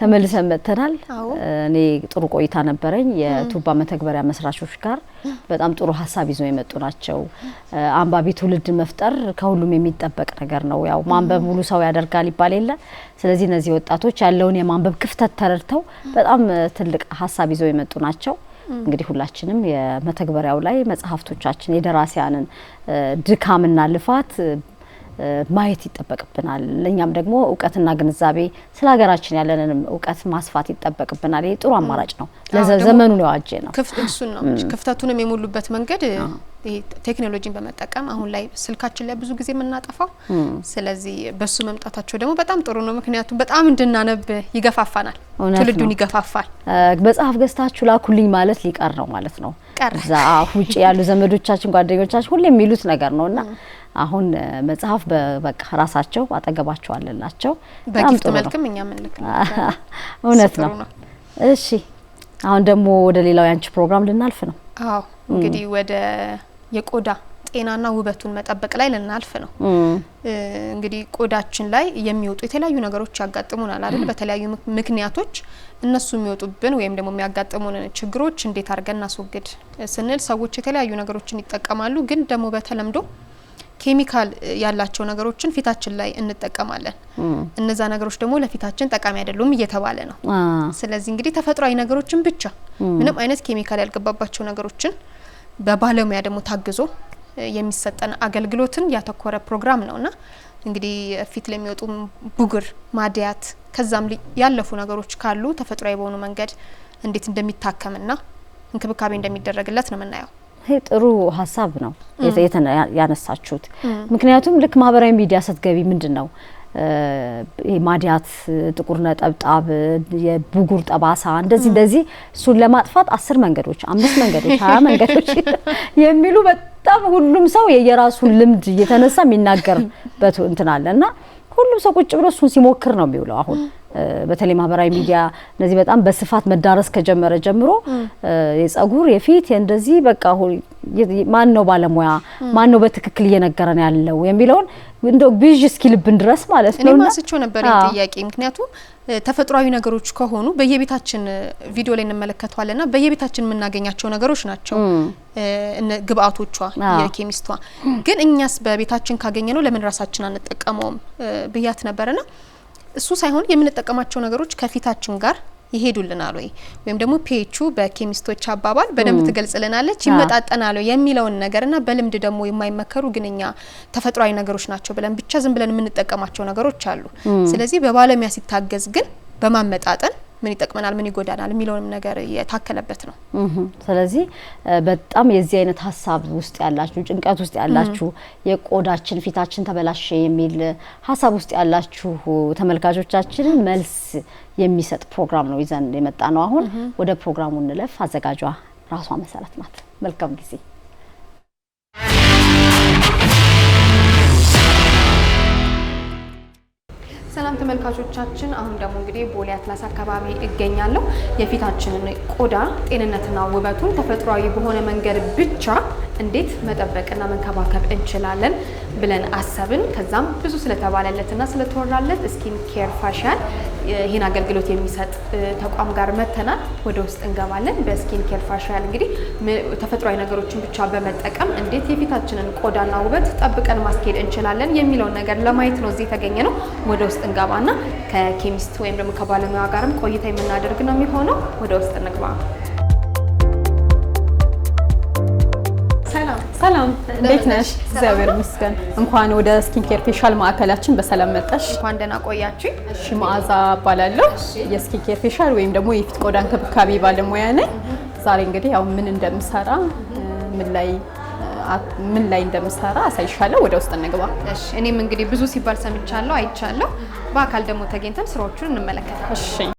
ተመልሰን መጥተናል። እኔ ጥሩ ቆይታ ነበረኝ። የቱባ መተግበሪያ መስራቾች ጋር በጣም ጥሩ ሀሳብ ይዘው የመጡ ናቸው። አንባቢ ትውልድ መፍጠር ከሁሉም የሚጠበቅ ነገር ነው። ያው ማንበብ ሙሉ ሰው ያደርጋል ይባል የለ። ስለዚህ እነዚህ ወጣቶች ያለውን የማንበብ ክፍተት ተረድተው በጣም ትልቅ ሀሳብ ይዘው የመጡ ናቸው። እንግዲህ ሁላችንም የመተግበሪያው ላይ መጽሐፍቶቻችን የደራሲያንን ድካምና ልፋት ማየት ይጠበቅብናል። እኛም ደግሞ እውቀትና ግንዛቤ ስለ ሀገራችን ያለንንም እውቀት ማስፋት ይጠበቅብናል። ይህ ጥሩ አማራጭ ነው፣ ለዘመኑ የዋጀ ነው። ክፍተቱንም የሞሉበት መንገድ ቴክኖሎጂን በመጠቀም አሁን ላይ ስልካችን ላይ ብዙ ጊዜ የምናጠፋው። ስለዚህ በሱ መምጣታቸው ደግሞ በጣም ጥሩ ነው፣ ምክንያቱም በጣም እንድናነብ ይገፋፋናል፣ ትውልዱን ይገፋፋል። መጽሐፍ ገዝታችሁ ላኩልኝ ማለት ሊቀር ነው ማለት ነው። እዛ ውጭ ያሉ ዘመዶቻችን፣ ጓደኞቻችን ሁሌ የሚሉት ነገር ነው እና አሁን መጽሐፍ በቃ ራሳቸው አጠገባቸው አለላቸው። በጊፍት መልክም እኛ ምንልክ እውነት ነው። እሺ አሁን ደግሞ ወደ ሌላው የአንቺ ፕሮግራም ልናልፍ ነው። አዎ እንግዲህ ወደ የቆዳ ጤናና ውበቱን መጠበቅ ላይ ልናልፍ ነው። እንግዲህ ቆዳችን ላይ የሚወጡ የተለያዩ ነገሮች ያጋጥሙናል አይደል? በተለያዩ ምክንያቶች እነሱ የሚወጡብን ወይም ደግሞ የሚያጋጥሙን ችግሮች እንዴት አድርገን እናስወግድ ስንል ሰዎች የተለያዩ ነገሮችን ይጠቀማሉ፣ ግን ደግሞ በተለምዶ ኬሚካል ያላቸው ነገሮችን ፊታችን ላይ እንጠቀማለን። እነዛ ነገሮች ደግሞ ለፊታችን ጠቃሚ አይደሉም እየተባለ ነው። ስለዚህ እንግዲህ ተፈጥሯዊ ነገሮችን ብቻ ምንም አይነት ኬሚካል ያልገባባቸው ነገሮችን በባለሙያ ደግሞ ታግዞ የሚሰጠን አገልግሎትን ያተኮረ ፕሮግራም ነውና እንግዲህ ፊት ለሚወጡ ቡግር፣ ማድያት ከዛም ያለፉ ነገሮች ካሉ ተፈጥሯዊ በሆኑ መንገድ እንዴት እንደሚታከምና እንክብካቤ እንደሚደረግለት ነው የምናየው። ይህ ጥሩ ሀሳብ ነው ያነሳችሁት። ምክንያቱም ልክ ማህበራዊ ሚዲያ ስትገቢ ምንድን ነው የማዲያት ጥቁር ነጠብጣብ፣ የብጉር ጠባሳ እንደዚህ እንደዚህ እሱን ለማጥፋት አስር መንገዶች፣ አምስት መንገዶች፣ ሀያ መንገዶች የሚሉ በጣም ሁሉም ሰው የየራሱን ልምድ እየተነሳ የሚናገርበት እንትን አለ እና ሁሉም ሰው ቁጭ ብሎ እሱን ሲሞክር ነው የሚውለው አሁን በተለይ ማህበራዊ ሚዲያ እነዚህ በጣም በስፋት መዳረስ ከጀመረ ጀምሮ የጸጉር የፊት እንደዚህ በቃ ማን ነው ባለሙያ ማን ነው በትክክል እየነገረን ያለው የሚለውን እንደ ብዥ እስኪልብን ድረስ ማለት ነው። እኔ ማስቸው ነበር ጥያቄ ምክንያቱም ተፈጥሯዊ ነገሮች ከሆኑ በየቤታችን ቪዲዮ ላይ ና በየቤታችን የምናገኛቸው ነገሮች ናቸው ግብአቶቿ የኬሚስቷ። ግን እኛስ በቤታችን ካገኘ ነው ለምን ራሳችን አንጠቀመውም ብያት ና እሱ ሳይሆን የምንጠቀማቸው ነገሮች ከፊታችን ጋር ይሄዱልናል ወይ ወይም ደግሞ ፒኤቹ በኬሚስቶች አባባል በደንብ ትገልጽልናለች፣ ይመጣጠናል የሚለውን እና በልምድ ደግሞ የማይመከሩ ግን እኛ ተፈጥሯዊ ነገሮች ናቸው ብለን ብቻ ዝም ብለን የምንጠቀማቸው ነገሮች አሉ። ስለዚህ በባለሙያ ሲታገዝ ግን በማመጣጠን ምን ይጠቅመናል፣ ምን ይጎዳናል የሚለውንም ነገር የታከለበት ነው። ስለዚህ በጣም የዚህ አይነት ሀሳብ ውስጥ ያላችሁ፣ ጭንቀት ውስጥ ያላችሁ፣ የቆዳችን ፊታችን ተበላሸ የሚል ሀሳብ ውስጥ ያላችሁ ተመልካቾቻችንን መልስ የሚሰጥ ፕሮግራም ነው ይዘን የመጣ ነው። አሁን ወደ ፕሮግራሙ እንለፍ። አዘጋጇ ራሷ መሰረት ናት። መልካም ጊዜ ሰላም ተመልካቾቻችን፣ አሁን ደግሞ እንግዲህ ቦሌ አትላስ አካባቢ እገኛለሁ። የፊታችንን ቆዳ ጤንነትና ውበቱን ተፈጥሯዊ በሆነ መንገድ ብቻ እንዴት መጠበቅና መንከባከብ እንችላለን ብለን አሰብን። ከዛም ብዙ ስለተባለለትና ስለተወራለት ስኪን ኬር ፋሽን ይህን አገልግሎት የሚሰጥ ተቋም ጋር መተናል። ወደ ውስጥ እንገባለን። በስኪን ኬር ፋሻል እንግዲህ ተፈጥሯዊ ነገሮችን ብቻ በመጠቀም እንዴት የፊታችንን ቆዳና ውበት ጠብቀን ማስኬድ እንችላለን የሚለውን ነገር ለማየት ነው እዚህ የተገኘ ነው። ወደ ውስጥ እንገባና ከኬሚስት ወይም ደግሞ ከባለሙያ ጋርም ቆይታ የምናደርግ ነው የሚሆነው። ወደ ውስጥ እንግባ። ሰላም እንዴት ነሽ? እግዚአብሔር ይመስገን። እንኳን ወደ ስኪን ኬር ፌሻል ማዕከላችን በሰላም መጣሽ። እንኳን ደህና ቆያችሁ። እሺ፣ መዓዛ እባላለሁ የስኪን ኬር ፌሻል ወይም ደግሞ የፊት ቆዳ እንክብካቤ ባለሙያ ነኝ። ዛሬ እንግዲህ ያው ምን እንደምሰራ ምን ላይ ምን ላይ እንደምሰራ አሳይሻለሁ። ወደ ውስጥ እንግባ። እሺ፣ እኔም እንግዲህ ብዙ ሲባል ሰምቻለሁ፣ አይቻለሁ። በአካል ደግሞ ተገኝተን ስራዎቹን እንመለከታለን። እሺ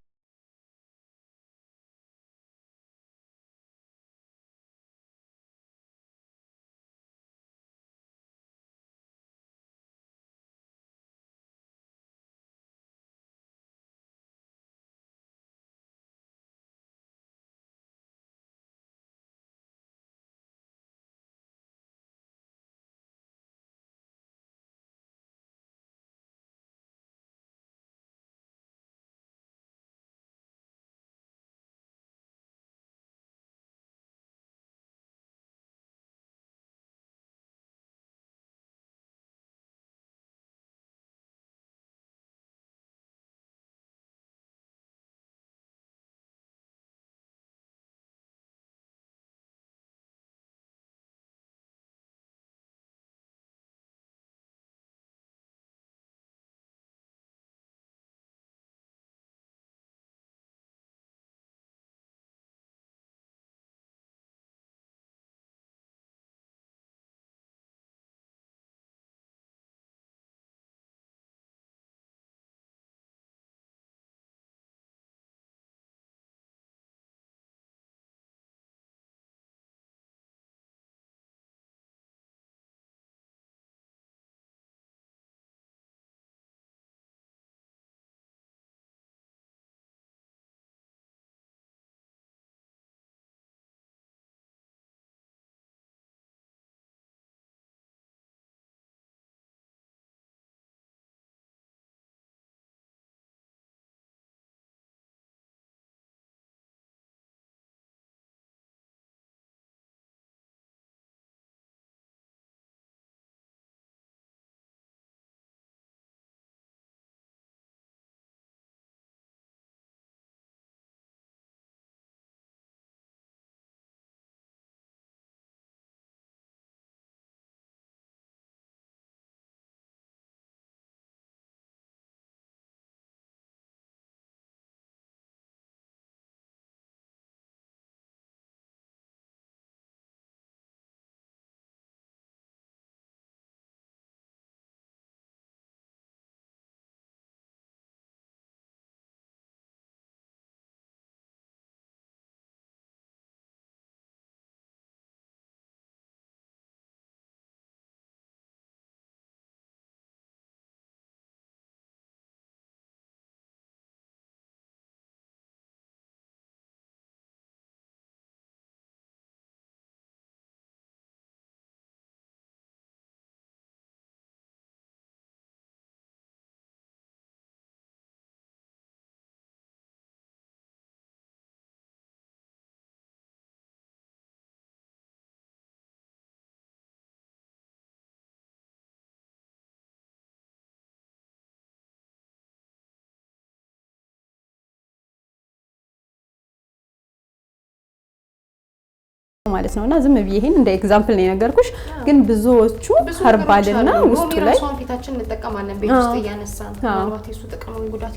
ማለት ነው እና ዝም ብዬ ይሄን እንደ ኤግዛምፕል ነው የነገርኩሽ። ግን ብዙዎቹ ሀርባልና ውስጡ ላይ ሎሚ ቤት ውስጥ ምናልባት የሱ ጥቅም ጉዳት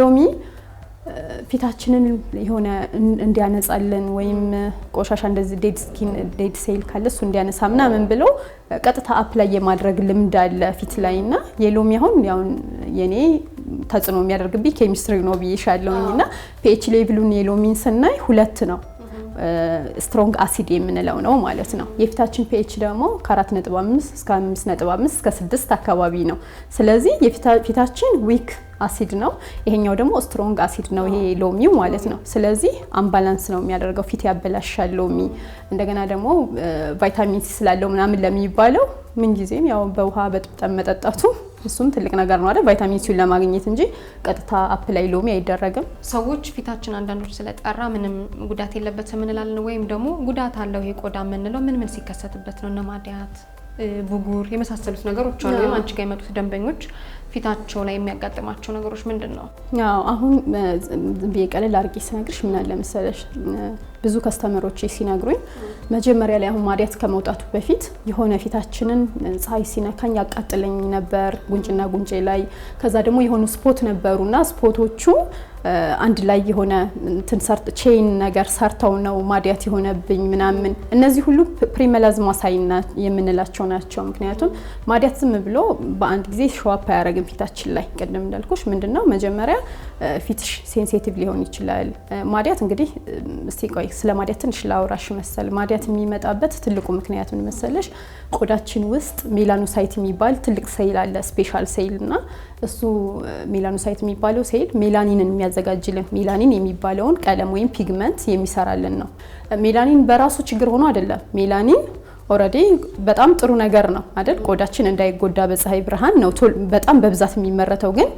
ሎሚ ፊታችንን የሆነ እንዲያነጻልን ወይም ቆሻሻ እንደዚህ ዴድ ስኪን ዴድ ሴል ካለ እሱ እንዲያነሳ ምናምን ብሎ ቀጥታ አፕ ላይ የማድረግ ልምድ አለ ፊት ላይ እና የሎሚ አሁን ያውን የኔ ተጽዕኖ የሚያደርግብኝ ኬሚስትሪ ነው ብዬሻለሁኝ እና ፒኤች ሌቭሉን የሎሚን ስናይ ሁለት ነው ስትሮንግ አሲድ የምንለው ነው ማለት ነው። የፊታችን ፒኤች ደግሞ ከ4.5 እስከ 5 እስከ 6 አካባቢ ነው። ስለዚህ የፊታችን ዊክ አሲድ ነው፣ ይሄኛው ደግሞ ስትሮንግ አሲድ ነው፣ ይሄ ሎሚው ማለት ነው። ስለዚህ አምባላንስ ነው የሚያደርገው፣ ፊት ያበላሻል ሎሚ። እንደገና ደግሞ ቫይታሚን ሲ ስላለው ምናምን ለሚባለው ምንጊዜም ያው በውሃ በጥብጠን መጠጣቱ እሱም ትልቅ ነገር ነው አይደል? ቫይታሚን ሲውን ለማግኘት እንጂ ቀጥታ አፕ ላይ ሎሚ አይደረግም። ሰዎች ፊታችን አንዳንዶች ስለጠራ ምንም ጉዳት የለበትም እንላለን፣ ወይም ደግሞ ጉዳት አለው ይሄ ቆዳ የምንለው ምን ምን ሲከሰትበት ነው? እነ ማድያት፣ ብጉር የመሳሰሉት ነገሮች አሉ። ወይም አንቺ ጋር የመጡት ደንበኞች ፊታቸው ላይ የሚያጋጥማቸው ነገሮች ምንድን ነው? አሁን ብዬ ቀለል አድርጌ ስነግርሽ ምን አለ መሰለሽ ብዙ ከስተመሮች ሲነግሩኝ መጀመሪያ ላይ አሁን ማዲያት ከመውጣቱ በፊት የሆነ ፊታችንን ፀሐይ ሲነካኝ ያቃጥለኝ ነበር፣ ጉንጭና ጉንጬ ላይ። ከዛ ደግሞ የሆኑ ስፖት ነበሩና ስፖቶቹ አንድ ላይ የሆነ ቼይን ነገር ሰርተው ነው ማዲያት የሆነብኝ ምናምን። እነዚህ ሁሉ ፕሪመላዝማ ሳይን የምንላቸው ናቸው። ምክንያቱም ማዲያት ዝም ብሎ በአንድ ጊዜ ሸዋፕ አያደርግም ፊታችን ላይ። ቅድም እንዳልኩሽ ምንድነው መጀመሪያ ፊትሽ ሴንሲቲቭ ሊሆን ይችላል። ማዲያት እንግዲህ እስቲ ቆይ ላይ ስለ ማዲያት ትንሽ ላውራሽ መሰል ማዲያት የሚመጣበት ትልቁ ምክንያት ምን መሰለሽ? ቆዳችን ውስጥ ሜላኖሳይት የሚባል ትልቅ ሴል አለ፣ ስፔሻል ሴል እና እሱ ሜላኖሳይት የሚባለው ሴል ሜላኒንን የሚያዘጋጅልን ሜላኒን የሚባለውን ቀለም ወይም ፒግመንት የሚሰራልን ነው። ሜላኒን በራሱ ችግር ሆኖ አይደለም። ሜላኒን ኦልሬዲ በጣም ጥሩ ነገር ነው አይደል? ቆዳችን እንዳይጎዳ በፀሐይ ብርሃን ነው በጣም በብዛት የሚመረተው ግን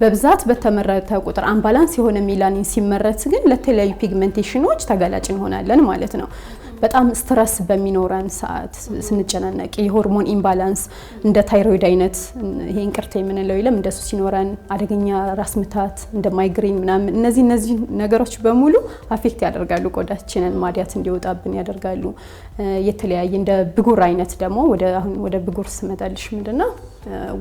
በብዛት በተመረተ ቁጥር አምባላንስ የሆነ ሜላኒን ሲመረት ግን ለተለያዩ ፒግመንቴሽኖች ተጋላጭ እንሆናለን ማለት ነው። በጣም ስትረስ በሚኖረን ሰዓት ስንጨናነቅ የሆርሞን ኢምባላንስ እንደ ታይሮይድ አይነት ይሄ እንቅርት የምንለው የለም እንደሱ ሲኖረን አደገኛ ራስ ምታት እንደ ማይግሬን ምናምን እነዚህ እነዚህ ነገሮች በሙሉ አፌክት ያደርጋሉ ቆዳችንን ማዲያት እንዲወጣብን ያደርጋሉ። የተለያየ እንደ ብጉር አይነት ደግሞ ወደ ብጉር ስመጣልሽ ምንድነው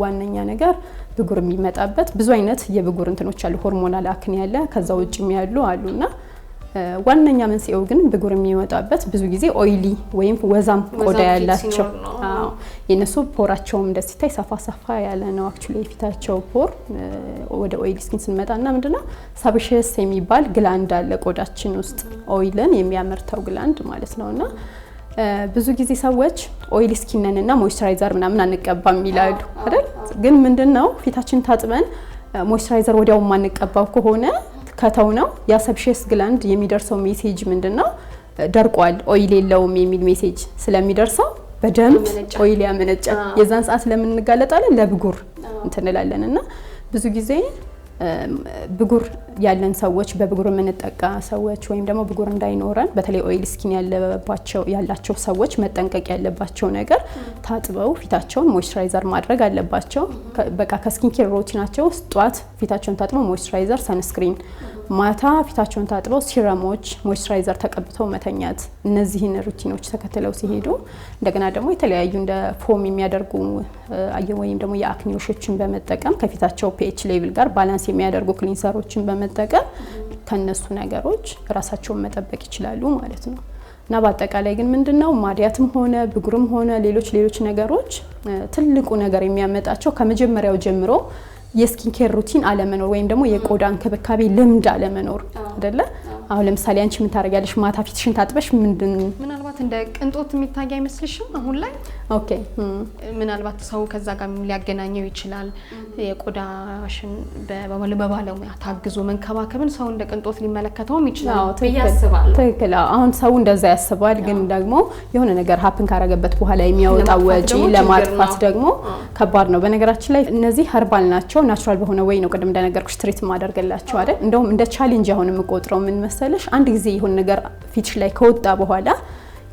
ዋነኛ ነገር ብጉር የሚመጣበት ብዙ አይነት የብጉር እንትኖች አሉ። ሆርሞናል አክን ያለ ከዛ ውጭ ያሉ አሉና ዋነኛ መንስኤው ግን ብጉር የሚወጣበት ብዙ ጊዜ ኦይሊ ወይም ወዛም ቆዳ ያላቸው የነሱ ፖራቸውም እንደ ሲታይ ሰፋ ሰፋ ያለ ነው። አክቹሊ የፊታቸው ፖር ወደ ኦይል ስኪን ስንመጣ እና ምንድነው ሳብሽስ የሚባል ግላንድ አለ ቆዳችን ውስጥ ኦይልን የሚያመርተው ግላንድ ማለት ነው እና ብዙ ጊዜ ሰዎች ኦይል ስኪንን እና ሞይስቸራይዘር ምናምን አንቀባም ይላሉ አይደል? ግን ምንድን ነው ፊታችን ታጥበን ሞይስቸራይዘር ወዲያው ማንቀባው ከሆነ ከተው ነው የሰብሼስ ግላንድ የሚደርሰው ሜሴጅ ምንድን ነው? ደርቋል፣ ኦይል የለውም የሚል ሜሴጅ ስለሚደርሰው በደንብ ኦይል ያመነጫ። የዛን ሰዓት ለምን እንጋለጣለን? ለብጉር እንትንላለን እና ብዙ ጊዜ ብጉር ያለን ሰዎች በብጉር የምንጠቃ ሰዎች ወይም ደግሞ ብጉር እንዳይኖረን በተለይ ኦይል ስኪን ያላቸው ሰዎች መጠንቀቅ ያለባቸው ነገር ታጥበው ፊታቸውን ሞይስቸራይዘር ማድረግ አለባቸው። በቃ ከስኪን ኬር ሮቲናቸው ውስጥ ጧት ፊታቸውን ታጥበው ሞይስቸራይዘር፣ ሰንስክሪን ማታ ፊታቸውን ታጥበው ሲረሞች፣ ሞይስቸራይዘር ተቀብተው መተኛት፣ እነዚህን ሩቲኖች ተከትለው ሲሄዱ እንደገና ደግሞ የተለያዩ እንደ ፎም የሚያደርጉ ወይም ደግሞ የአክኒዎሾችን በመጠቀም ከፊታቸው ፒኤች ሌቭል ጋር ባላንስ የሚያደርጉ ክሊንሰሮችን በመጠቀም ከነሱ ነገሮች ራሳቸውን መጠበቅ ይችላሉ ማለት ነው። እና በአጠቃላይ ግን ምንድነው ማዲያትም ሆነ ብጉርም ሆነ ሌሎች ሌሎች ነገሮች ትልቁ ነገር የሚያመጣቸው ከመጀመሪያው ጀምሮ የስኪን ኬር ሩቲን አለመኖር ወይም ደግሞ የቆዳ እንክብካቤ ልምድ አለመኖር አይደለ? አሁን ለምሳሌ አንቺ ምን ታደርጊያለሽ? ማታ ፊትሽን ታጥበሽ ምንድን እንደ ቅንጦት የሚታይ አይመስልሽም? አሁን ላይ ኦኬ፣ ምናልባት ሰው ከዛ ጋር ሊያገናኘው ይችላል። የቆዳሽን በባለሙያ ታግዞ መንከባከብን ሰው እንደ ቅንጦት ሊመለከተውም ይችላል ትክክል። አሁን ሰው እንደዛ ያስባል፣ ግን ደግሞ የሆነ ነገር ሀፕን ካረገበት በኋላ የሚያወጣው ወጪ ለማጥፋት ደግሞ ከባድ ነው። በነገራችን ላይ እነዚህ ሀርባል ናቸው። ናቹራል በሆነ ወይ ነው ቅድም እንደነገርኩሽ ትሪት ማደርገላቸው አይደል። እንደውም እንደ ቻሌንጅ አሁን የምቆጥረው ምን መሰለሽ፣ አንድ ጊዜ የሆነ ነገር ፊትሽ ላይ ከወጣ በኋላ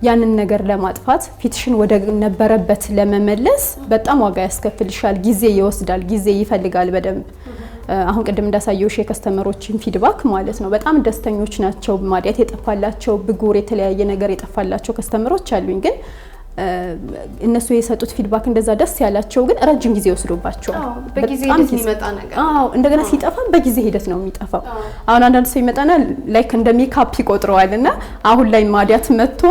ያንን ነገር ለማጥፋት ፊትሽን ወደ ነበረበት ለመመለስ በጣም ዋጋ ያስከፍልሻል፣ ጊዜ ይወስዳል፣ ጊዜ ይፈልጋል በደንብ አሁን ቅድም እንዳሳየውሽ የከስተመሮችን ፊድባክ ማለት ነው። በጣም ደስተኞች ናቸው። ማዲያት የጠፋላቸው ብጉር፣ የተለያየ ነገር የጠፋላቸው ከስተመሮች አሉኝ ግን እነሱ የሰጡት ፊድባክ እንደዛ ደስ ያላቸው ግን ረጅም ጊዜ ወስዶባቸዋል። እንደገና ሲጠፋ በጊዜ ሂደት ነው የሚጠፋው። አሁን አንዳንድ ሰው ይመጣና ላይክ እንደ ሜካፕ ይቆጥረዋል እና አሁን ላይ ማዲያት መጥቶ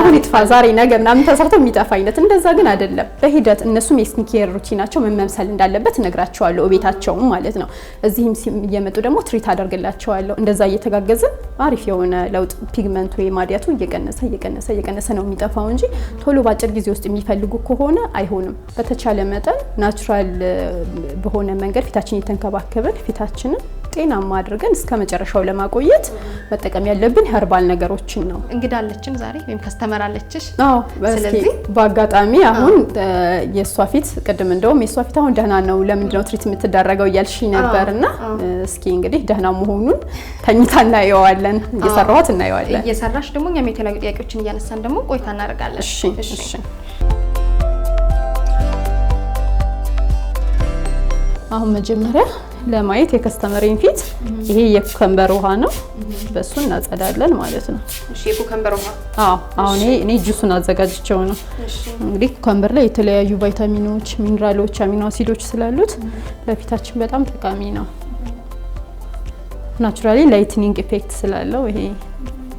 አሁን ይጥፋ ዛሬ ነገ ምናምን ተሰርቶ የሚጠፋ አይነት እንደዛ ግን አይደለም። በሂደት እነሱም የስኪንኬር ሩቲናቸው ምን መምሰል እንዳለበት እነግራቸዋለሁ፣ ቤታቸውም ማለት ነው። እዚህም እየመጡ ደግሞ ትሪት አደርግላቸዋለሁ። እንደዛ እየተጋገዝን አሪፍ የሆነ ለውጥ ፒግመንቱ የማዲያቱ እየቀነሰ እየቀነሰ እየቀነሰ ነው የሚጠፋው እንጂ ቶሎ በአጭር ጊዜ ውስጥ የሚፈልጉ ከሆነ አይሆንም። በተቻለ መጠን ናቹራል በሆነ መንገድ ፊታችን የተንከባከብን ፊታችንን ጤናማ አድርገን እስከ መጨረሻው ለማቆየት መጠቀም ያለብን ኸርባል ነገሮችን ነው። እንግዳለችን ዛሬ ወይም ከስተመራለችሽ። አዎ፣ ስለዚህ በአጋጣሚ አሁን የእሷ ፊት ቅድም እንደውም የእሷ ፊት አሁን ደህና ነው፣ ለምንድነው ትሪት የምትዳረገው እያልሽ ነበር እና እስኪ እንግዲህ ደህና መሆኑን ተኝታ እናየዋለን፣ እየሰራኋት እናየዋለን። እየሰራሽ ደግሞ እኛም የተለያዩ ጥያቄዎችን እያነሳን ደግሞ ቆይታ እናደርጋለን። እሺ፣ እሺ። አሁን መጀመሪያ ለማየት የከስተመሪን ፊት ይሄ የኩከምበር ውሃ ነው። በሱ እናጸዳለን ማለት ነው። እሺ ውሃ? አዎ። አሁን እኔ ጁሱን አዘጋጅቼው ነው። እንግዲህ ኩከምበር ላይ የተለያዩ ቫይታሚኖች፣ ሚኒራሎች፣ አሚኖ አሲዶች ስላሉት ለፊታችን በጣም ጠቃሚ ነው። ናቹራሊ ላይትኒንግ ኢፌክት ስላለው ይሄ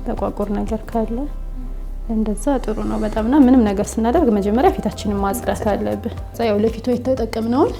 ተቋቁር ነገር ካለ እንደዛ ጥሩ ነው በጣምና ምንም ነገር ስናደርግ መጀመሪያ ፊታችንን ማጽዳት አለብን። እዛ ያው ለፊቷ የተጠቀምነውን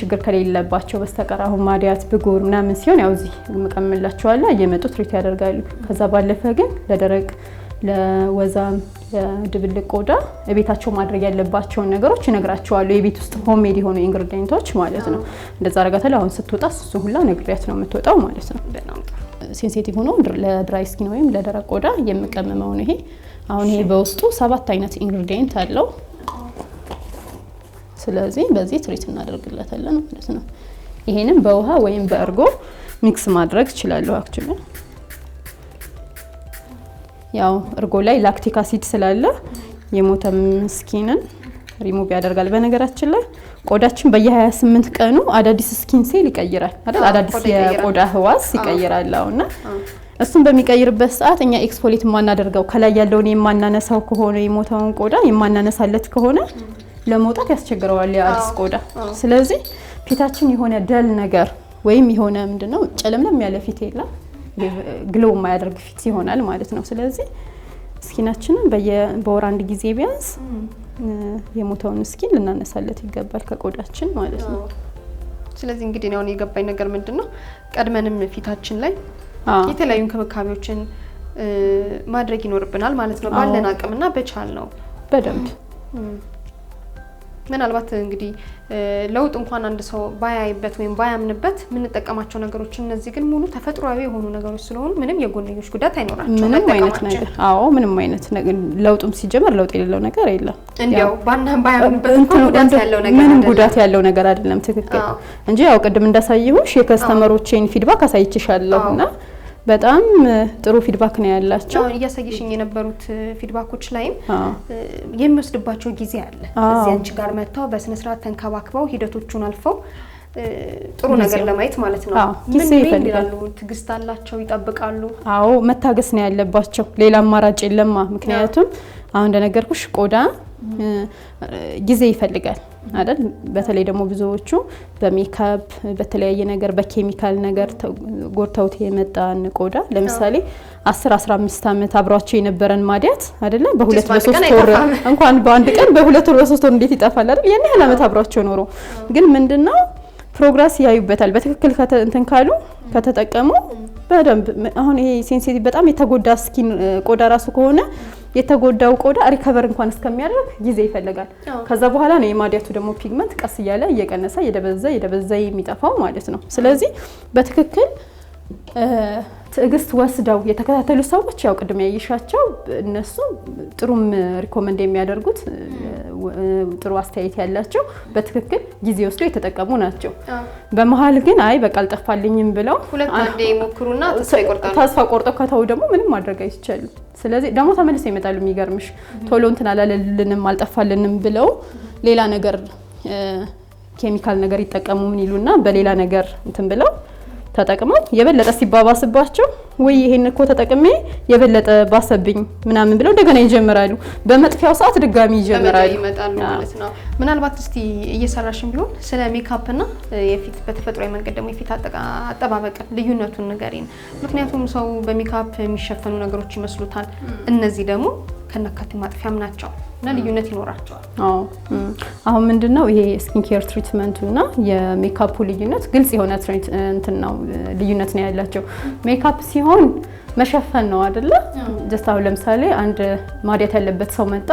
ችግር ከሌለባቸው በስተቀር አሁን ማዲያት ብጉር ምናምን ሲሆን ያው እዚህ እቀምምላቸዋለሁ እየመጡ ትሪት ያደርጋሉ። ከዛ ባለፈ ግን ለደረቅ ለወዛም ለድብልቅ ቆዳ ቤታቸው ማድረግ ያለባቸውን ነገሮች ይነግራቸዋሉ። የቤት ውስጥ ሆሜድ የሆኑ ኢንግሪዲየንቶች ማለት ነው። እንደዛ አረጋታል። አሁን ስትወጣ እሱ ሁላ ነግሪያት ነው የምትወጣው ማለት ነው። ሴንሲቲቭ ሆኖ ለድራይ ስኪን ወይም ለደረቅ ቆዳ የምቀምመው ነው ይሄ። አሁን ይሄ በውስጡ ሰባት አይነት ኢንግሪዲየንት አለው ስለዚህ በዚህ ትሪት እናደርግለታለን ማለት ነው። ይሄንም በውሃ ወይም በእርጎ ሚክስ ማድረግ እችላለሁ። አክቹሊ ያው እርጎ ላይ ላክቲክ አሲድ ስላለ የሞተ ስኪንን ሪሙቭ ያደርጋል። በነገራችን ላይ ቆዳችን በየ28 ቀኑ አዳዲስ ስኪን ሴል ይቀይራል አይደል? አዳዲስ የቆዳ ህዋስ ይቀይራል እና እሱን በሚቀይርበት ሰዓት እኛ ኤክስፖሌት የማናደርገው ከላይ ያለውን የማናነሳው ከሆነ የሞተውን ቆዳ የማናነሳለት ከሆነ ለመውጣት ያስቸግረዋል የአዲስ ቆዳ። ስለዚህ ፊታችን የሆነ ደል ነገር ወይም የሆነ ምንድነው ጨለምለም ያለ ፊት የለም ግሎው የማያደርግ ፊት ይሆናል ማለት ነው። ስለዚህ ስኪናችንን በወር አንድ ጊዜ ቢያንስ የሞተውን ስኪን ልናነሳለት ይገባል ከቆዳችን ማለት ነው። ስለዚህ እንግዲህ አሁን የገባኝ ነገር ምንድን ነው ቀድመንም ፊታችን ላይ የተለያዩ እንክብካቤዎችን ማድረግ ይኖርብናል ማለት ነው። ባለን አቅምና በቻል ነው በደንብ ምናልባት እንግዲህ ለውጥ እንኳን አንድ ሰው ባያይበት ወይም ባያምንበት የምንጠቀማቸው ነገሮች እነዚህ ግን ሙሉ ተፈጥሯዊ የሆኑ ነገሮች ስለሆኑ ምንም የጎንዮሽ ጉዳት አይኖራቸው። ምንም አይነት ነገር አዎ፣ ምንም አይነት ለውጥም ሲጀመር ለውጥ የሌለው ነገር የለም። እንዲያው ባናም ባያምንበት እንኳን ጉዳት ያለው ነገር ምንም ጉዳት ያለው ነገር አይደለም። ትክክል እንጂ ያው ቅድም እንዳሳየሁሽ የከስተመሮቼን ፊድባክ አሳይችሻለሁ እና በጣም ጥሩ ፊድባክ ነው ያላቸው። እያሳየሽኝ የነበሩት ፊድባኮች ላይም የሚወስድባቸው ጊዜ አለ። እዚህ አንቺ ጋር መጥተው በስነስርዓት ተንከባክበው ሂደቶቹን አልፈው ጥሩ ነገር ለማየት ማለት ነው። ጊዜ ይፈልጋሉ። ትግስት አላቸው፣ ይጠብቃሉ። አዎ መታገስ ነው ያለባቸው። ሌላ አማራጭ የለማ። ምክንያቱም አሁን እንደነገርኩሽ ቆዳ ጊዜ ይፈልጋል። አይደል? በተለይ ደግሞ ብዙዎቹ በሜካፕ በተለያየ ነገር በኬሚካል ነገር ጎድተውት የመጣን ቆዳ ለምሳሌ 10 15 አመት አብሯቸው የነበረን ማዲያት አይደለ? በሁለት በሶስት ወር እንኳን በአንድ ቀን በሁለት ወር በሶስት ወር እንዴት ይጠፋል አይደል? ያን ያህል አመት አብሯቸው ኖሮ ግን ምንድነው ፕሮግረስ ያዩበታል። በትክክል እንትን ካሉ ከተጠቀሙ በደንብ አሁን ይሄ ሴንሲቲቭ በጣም የተጎዳ ስኪን ቆዳ ራሱ ከሆነ የተጎዳው ቆዳ ሪከቨር እንኳን እስከሚያደርግ ጊዜ ይፈልጋል። ከዛ በኋላ ነው የማዲያቱ ደግሞ ፒግመንት ቀስ እያለ እየቀነሰ እየደበዛ እየደበዛ የሚጠፋው ማለት ነው። ስለዚህ በትክክል ትዕግስት ወስደው የተከታተሉ ሰዎች ያው ቅድም ያየሻቸው እነሱ ጥሩም ሪኮመንድ የሚያደርጉት ጥሩ አስተያየት ያላቸው በትክክል ጊዜ ወስዶ የተጠቀሙ ናቸው። በመሀል ግን አይ በቃ አልጠፋልኝም ብለው ተስፋ ቆርጠው ከተው ደግሞ ምንም ማድረግ አይቻልም። ስለዚህ ደግሞ ተመልሰው ይመጣሉ። የሚገርምሽ ቶሎ እንትን አላለልንም አልጠፋልንም ብለው ሌላ ነገር ኬሚካል ነገር ይጠቀሙ ምን ይሉና በሌላ ነገር እንትን ብለው ተጠቅመው የበለጠ ሲባባስባቸው ወይ ይሄን እኮ ተጠቅሜ የበለጠ ባሰብኝ ምናምን ብለው እንደገና ይጀምራሉ። በመጥፊያው ሰዓት ድጋሚ ይጀምራሉ ይመጣሉ ማለት ነው። ምናልባት እስቲ እየሰራሽም ቢሆን ስለ ሜካፕ እና የፊት በተፈጥሮ መንገድ ደግሞ የፊት አጠባበቅ ልዩነቱን ንገሪን። ምክንያቱም ሰው በሜካፕ የሚሸፈኑ ነገሮች ይመስሉታል። እነዚህ ደግሞ ከነካቴ ማጥፊያም ናቸው። እና ልዩነት ይኖራቸዋል። አዎ አሁን ምንድን ነው ይሄ ስኪን ኬር ትሪትመንቱ እና የሜካፑ ልዩነት ግልጽ የሆነ እንትን ነው ልዩነት ነው ያላቸው ሜካፕ ሲሆን መሸፈን ነው አይደለ? ጀስት አሁን ለምሳሌ አንድ ማዲያት ያለበት ሰው መጣ፣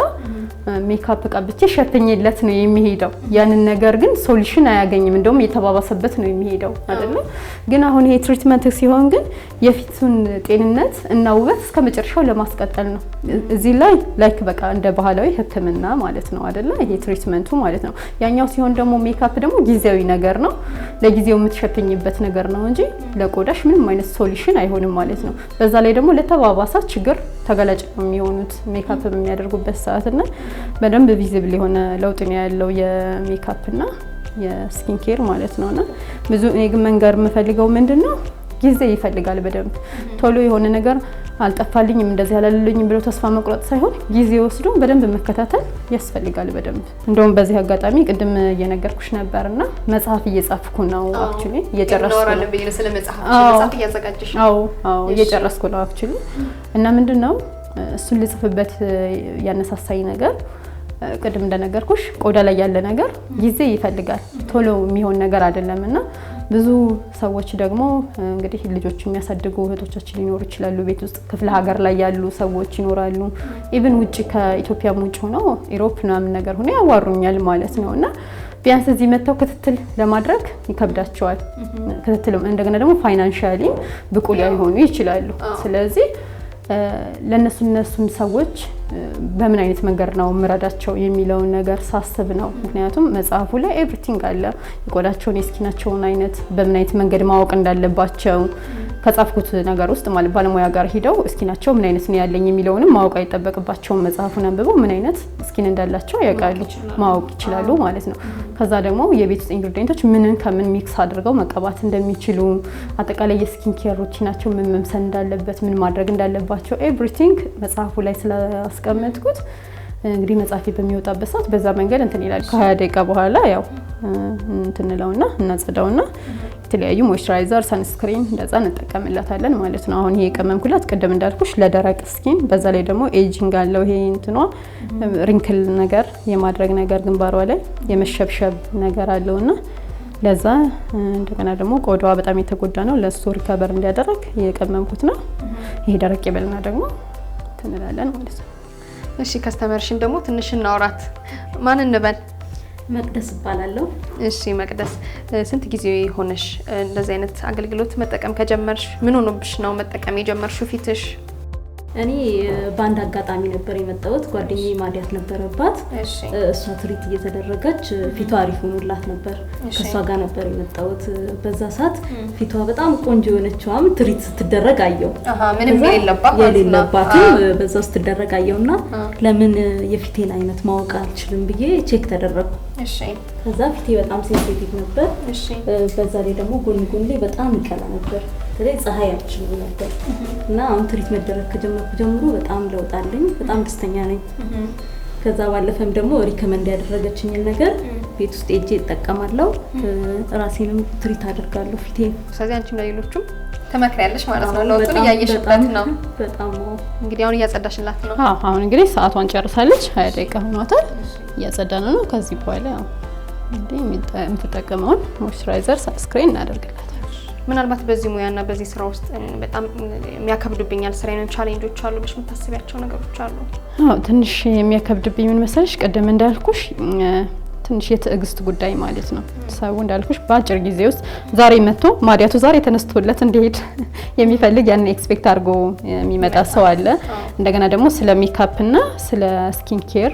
ሜካፕ ቀብቼ ሸፍኝለት ነው የሚሄደው። ያንን ነገር ግን ሶሉሽን አያገኝም፣ እንደውም የተባባሰበት ነው የሚሄደው አይደለ? ግን አሁን ይሄ ትሪትመንት ሲሆን ግን የፊቱን ጤንነት እና ውበት እስከ መጨረሻው ለማስቀጠል ነው። እዚህ ላይ ላይክ በቃ እንደ ባህላዊ ሕክምና ማለት ነው አይደለ? ይሄ ትሪትመንቱ ማለት ነው። ያኛው ሲሆን ደግሞ ሜካፕ ደግሞ ጊዜያዊ ነገር ነው፣ ለጊዜው የምትሸፍኝበት ነገር ነው እንጂ ለቆዳሽ ምንም አይነት ሶሉሽን አይሆንም ማለት ነው። በዛ ላይ ደግሞ ለተባባሳት ችግር ተገላጭ የሚሆኑት ሜካፕ የሚያደርጉበት ሰዓት እና በደንብ ቪዚብል የሆነ ለውጥ ነው ያለው የሜካፕ እና የስኪን ኬር ማለት እና ብዙ እኔ ግን መንገር የምፈልገው ምንድን ነው ጊዜ ይፈልጋል። በደንብ ቶሎ የሆነ ነገር አልጠፋልኝም እንደዚህ አላልልኝም ብሎ ተስፋ መቁረጥ ሳይሆን ጊዜ ወስዶ በደንብ መከታተል ያስፈልጋል። በደንብ እንደውም በዚህ አጋጣሚ ቅድም እየነገርኩሽ ነበር እና መጽሐፍ እየጻፍኩ ነው አክቹሊ እየጨረስኩ ነው እየጨረስኩ ነው አክቹሊ እና ምንድን ነው እሱን ልጽፍበት ያነሳሳኝ ነገር ቅድም እንደነገርኩሽ ቆዳ ላይ ያለ ነገር ጊዜ ይፈልጋል። ቶሎ የሚሆን ነገር አይደለም እና ብዙ ሰዎች ደግሞ እንግዲህ ልጆች የሚያሳድጉ እህቶቻችን ሊኖሩ ይችላሉ። ቤት ውስጥ ክፍለ ሀገር ላይ ያሉ ሰዎች ይኖራሉ። ኢቭን ውጭ ከኢትዮጵያም ውጭ ሆነው ኤሮፕ ምናምን ነገር ሆኖ ያዋሩኛል ማለት ነው እና ቢያንስ እዚህ መጥተው ክትትል ለማድረግ ይከብዳቸዋል። ክትትል እንደገና ደግሞ ፋይናንሻሊ ብቁ ላይሆኑ ይችላሉ። ስለዚህ ለእነሱ እነሱን ሰዎች በምን አይነት መንገድ ነው የምረዳቸው የሚለውን ነገር ሳስብ ነው። ምክንያቱም መጽሐፉ ላይ ኤቭሪቲንግ አለ። የቆዳቸውን የስኪናቸውን አይነት በምን አይነት መንገድ ማወቅ እንዳለባቸው ከጻፍኩት ነገር ውስጥ ማለት ባለሙያ ጋር ሂደው እስኪናቸው ምን አይነት ነው ያለኝ የሚለውንም ማወቅ አይጠበቅባቸውም። መጽሐፉን አንብበው ምን አይነት እስኪን እንዳላቸው ያውቃሉ፣ ማወቅ ይችላሉ ማለት ነው። ከዛ ደግሞ የቤት ውስጥ ኢንግሪዲየንቶች ምንን ከምን ሚክስ አድርገው መቀባት እንደሚችሉ አጠቃላይ የስኪን ኬር ሩቲናቸው ምን መምሰል እንዳለበት፣ ምን ማድረግ እንዳለባቸው ኤቭሪቲንግ መጽሐፉ ላይ ስላስቀመጥኩት እንግዲህ ነጻፊ በሚወጣበት ሰዓት በዛ መንገድ እንትን ይላል። ከሀያ ደቂቃ በኋላ ያው እንትንለውና እናጸዳውና የተለያዩ ሞይስቸራይዘር፣ ሰንስክሪን እንደዛ እንጠቀምላታለን ማለት ነው። አሁን ይሄ የቀመምኩላት ቅድም እንዳልኩሽ ለደረቅ ስኪን፣ በዛ ላይ ደግሞ ኤጂንግ አለው ይሄ እንትኗ ሪንክል ነገር የማድረግ ነገር ግንባሯ ላይ የመሸብሸብ ነገር አለውና ለዛ እንደገና ደግሞ ቆዳዋ በጣም የተጎዳ ነው፣ ለሱ ሪከበር እንዲያደረግ የቀመምኩት ነው። ይሄ ደረቅ ይበልና ደግሞ ትንላለን ማለት ነው። እሺ ከስተመርሽን ደግሞ ትንሽ እናውራት። ማን እንበል? መቅደስ እባላለሁ። እሺ መቅደስ፣ ስንት ጊዜ ሆነሽ እንደዚህ አይነት አገልግሎት መጠቀም ከጀመርሽ? ምን ሆኖብሽ ነው መጠቀም የጀመርሽው? ፊትሽ እኔ በአንድ አጋጣሚ ነበር የመጣሁት። ጓደኛዬ ማዲያት ነበረባት። እሷ ትሪት እየተደረገች ፊቷ አሪፍ ሆኖላት ነበር። ከእሷ ጋር ነበር የመጣሁት። በዛ ሰዓት ፊቷ በጣም ቆንጆ የሆነችዋም ትሪት ስትደረግ አየው። የሌለባትም በዛ ስትደረግ አየው እና ለምን የፊቴን አይነት ማወቅ አልችልም ብዬ ቼክ ተደረጉ። ከዛ ፊቴ በጣም ሴንሴቲቭ ነበር። በዛ ላይ ደግሞ ጎን ጎን ላይ በጣም ይቀላ ነበር በተለይ ፀሐይ አልችልም ነበር እና አሁን ትሪት መደረግ ከጀመርኩ ጀምሮ በጣም ለውጥ አለኝ። በጣም ደስተኛ ነኝ። ከዛ ባለፈም ደግሞ ሪከመንድ ያደረገችኝን ነገር ቤት ውስጥ እጄ እጠቀማለሁ። ራሴንም ትሪት አድርጋለሁ ፊቴ። ስለዚህ አንቺም ለሌሎቹም ትመክሪያለሽ ማለት ነው። ለውጡን እያየሽበት ነው። በጣም እንግዲህ አሁን እያጸዳሽላት ነው። አሁን እንግዲህ ሰዓቷን ጨርሳለች። ሀያ ደቂቃ ሆኗታል። እያጸዳን ነው። ከዚህ በኋላ እንግዲህ የምትጠቀመውን ሞይስቸራይዘር ሳንስክሪን እናደርግላት ምናልባት በዚህ ሙያና በዚህ ስራ ውስጥ በጣም የሚያከብዱብኛል ስራዬን ቻሌንጆች አሉ ብለሽ የምታስቢያቸው ነገሮች አሉ? አዎ ትንሽ የሚያከብድብኝ ምን መሰለሽ፣ ቅድም እንዳልኩሽ ትንሽ የትዕግስት ጉዳይ ማለት ነው። ሰው እንዳልኩሽ በአጭር ጊዜ ውስጥ ዛሬ መጥቶ ማዲያቱ ዛሬ ተነስቶለት እንዲሄድ የሚፈልግ ያን ኤክስፔክት አድርጎ የሚመጣ ሰው አለ። እንደገና ደግሞ ስለ ሜካፕና ስለ ስኪን ኬር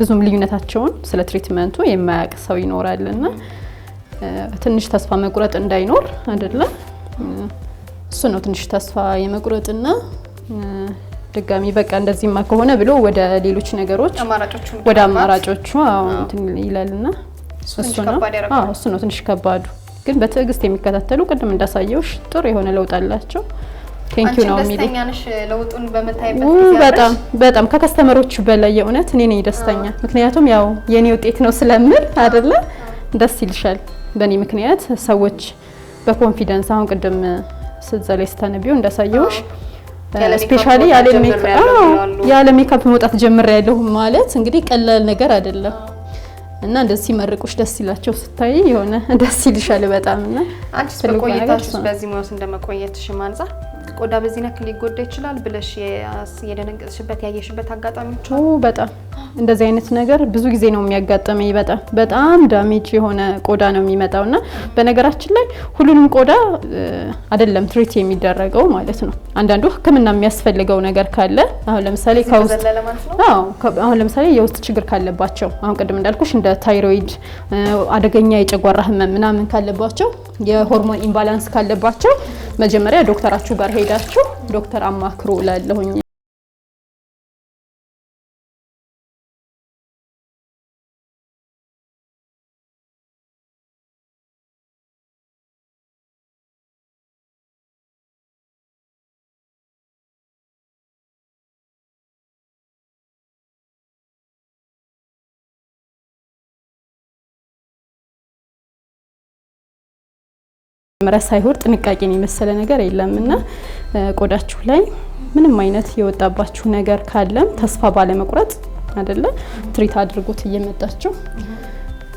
ብዙም ልዩነታቸውን ስለ ትሪትመንቱ የማያውቅ ሰው ይኖራልና ትንሽ ተስፋ መቁረጥ እንዳይኖር አይደለም እሱ ነው ትንሽ ተስፋ የመቁረጥና ድጋሚ በቃ እንደዚህማ ከሆነ ብሎ ወደ ሌሎች ነገሮች ወደ አማራጮቹ እንትን ይላልና እሱ ነው እሱ ነው ትንሽ ከባዱ። ግን በትዕግስት የሚከታተሉ ቅድም እንዳሳየውሽ ጥሩ የሆነ ለውጥ አላቸው። ቴንክ ዩ ነው የሚሉት። በጣም በጣም ከከስተመሮቹ በላይ የእውነት እኔ ነኝ ደስተኛ። ምክንያቱም ያው የኔ ውጤት ነው ስለምል አይደለ? ደስ ይልሻል። በእኔ ምክንያት ሰዎች በኮንፊደንስ አሁን ቅድም ስትዘላይ ስታነቢው እንዳሳየውሽ ስፔሻሊ ያለ ሜካፕ መውጣት ጀምሬያለሁ ማለት እንግዲህ ቀላል ነገር አይደለም እና እንደዚህ ሲመርቁሽ ደስ ይላቸው ስታይ የሆነ ደስ ይልሻል በጣም እና አንቺስ በቆየታችሁ በዚህ ሙያ ውስጥ እንደመቆየትሽ አንጻር ቆዳ በዚህ ነክ ሊጎዳ ይችላል ብለሽ የደነገጥሽበት ያየሽበት አጋጣሚዎች በጣም እንደዚህ አይነት ነገር ብዙ ጊዜ ነው የሚያጋጥመኝ። በጣም በጣም ዳሜጅ የሆነ ቆዳ ነው የሚመጣው እና በነገራችን ላይ ሁሉንም ቆዳ አይደለም ትሪት የሚደረገው ማለት ነው። አንዳንዱ ሕክምና የሚያስፈልገው ነገር ካለ አሁን ለምሳሌ ከውስጥ አሁን ለምሳሌ የውስጥ ችግር ካለባቸው አሁን ቅድም እንዳልኩሽ እንደ ታይሮይድ፣ አደገኛ የጨጓራ ህመም ምናምን ካለባቸው የሆርሞን ኢምባላንስ ካለባቸው መጀመሪያ ዶክተራችሁ ጋር ሄዳችሁ ዶክተር አማክሩ ላለሁኝ ረሳይ ሆድ ጥንቃቄን የመሰለ ነገር የለም እና ቆዳችሁ ላይ ምንም አይነት የወጣባችሁ ነገር ካለም ተስፋ ባለመቁረጥ አይደለ ትሪት አድርጎት እየመጣችሁ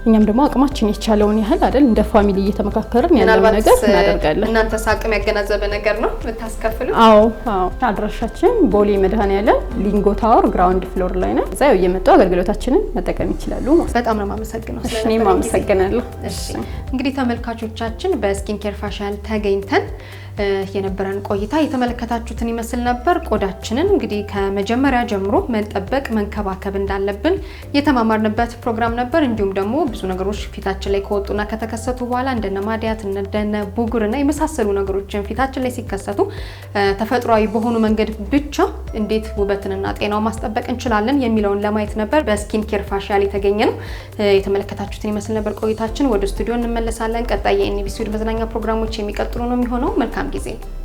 እኛም ደግሞ አቅማችን የቻለውን ያህል አይደል እንደ ፋሚሊ እየተመካከርን ያለው ነገር እናደርጋለን። እናንተስ አቅም ያገናዘበ ነገር ነው ምታስከፍሉ? አዎ አዎ። አድራሻችን ቦሌ መድኃኔዓለም ሊንጎ ታወር ግራውንድ ፍሎር ላይ ነው። እዛ እየመጡ አገልግሎታችንን መጠቀም ይችላሉ። በጣም ነው የማመሰግነው። እኔም አመሰግናለሁ። እንግዲህ ተመልካቾቻችን በስኪን ኬር ፋሻል ተገኝተን የነበረን ቆይታ የተመለከታችሁትን ይመስል ነበር። ቆዳችንን እንግዲህ ከመጀመሪያ ጀምሮ መጠበቅ መንከባከብ እንዳለብን የተማማርንበት ፕሮግራም ነበር። እንዲሁም ደግሞ ብዙ ነገሮች ፊታችን ላይ ከወጡና ከተከሰቱ በኋላ እንደነ ማዲያት፣ እንደነ ብጉርና የመሳሰሉ ነገሮችን ፊታችን ላይ ሲከሰቱ ተፈጥሯዊ በሆኑ መንገድ ብቻ እንዴት ውበትንና ጤናው ማስጠበቅ እንችላለን የሚለውን ለማየት ነበር። በስኪን ኬር ፋሻል የተገኘ ነው። የተመለከታችሁትን ይመስል ነበር ቆይታችን። ወደ ስቱዲዮ እንመለሳለን። ቀጣይ የኤንቢሲ መዝናኛ ፕሮግራሞች የሚቀጥሉ ነው የሚሆነው። መልካም መልካም ጊዜ